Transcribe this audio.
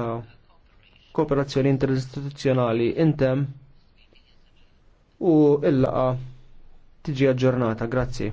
ta' kooperazzjoni interistituzzjonali intem u illaqa tiġi aġġornata. Grazzi.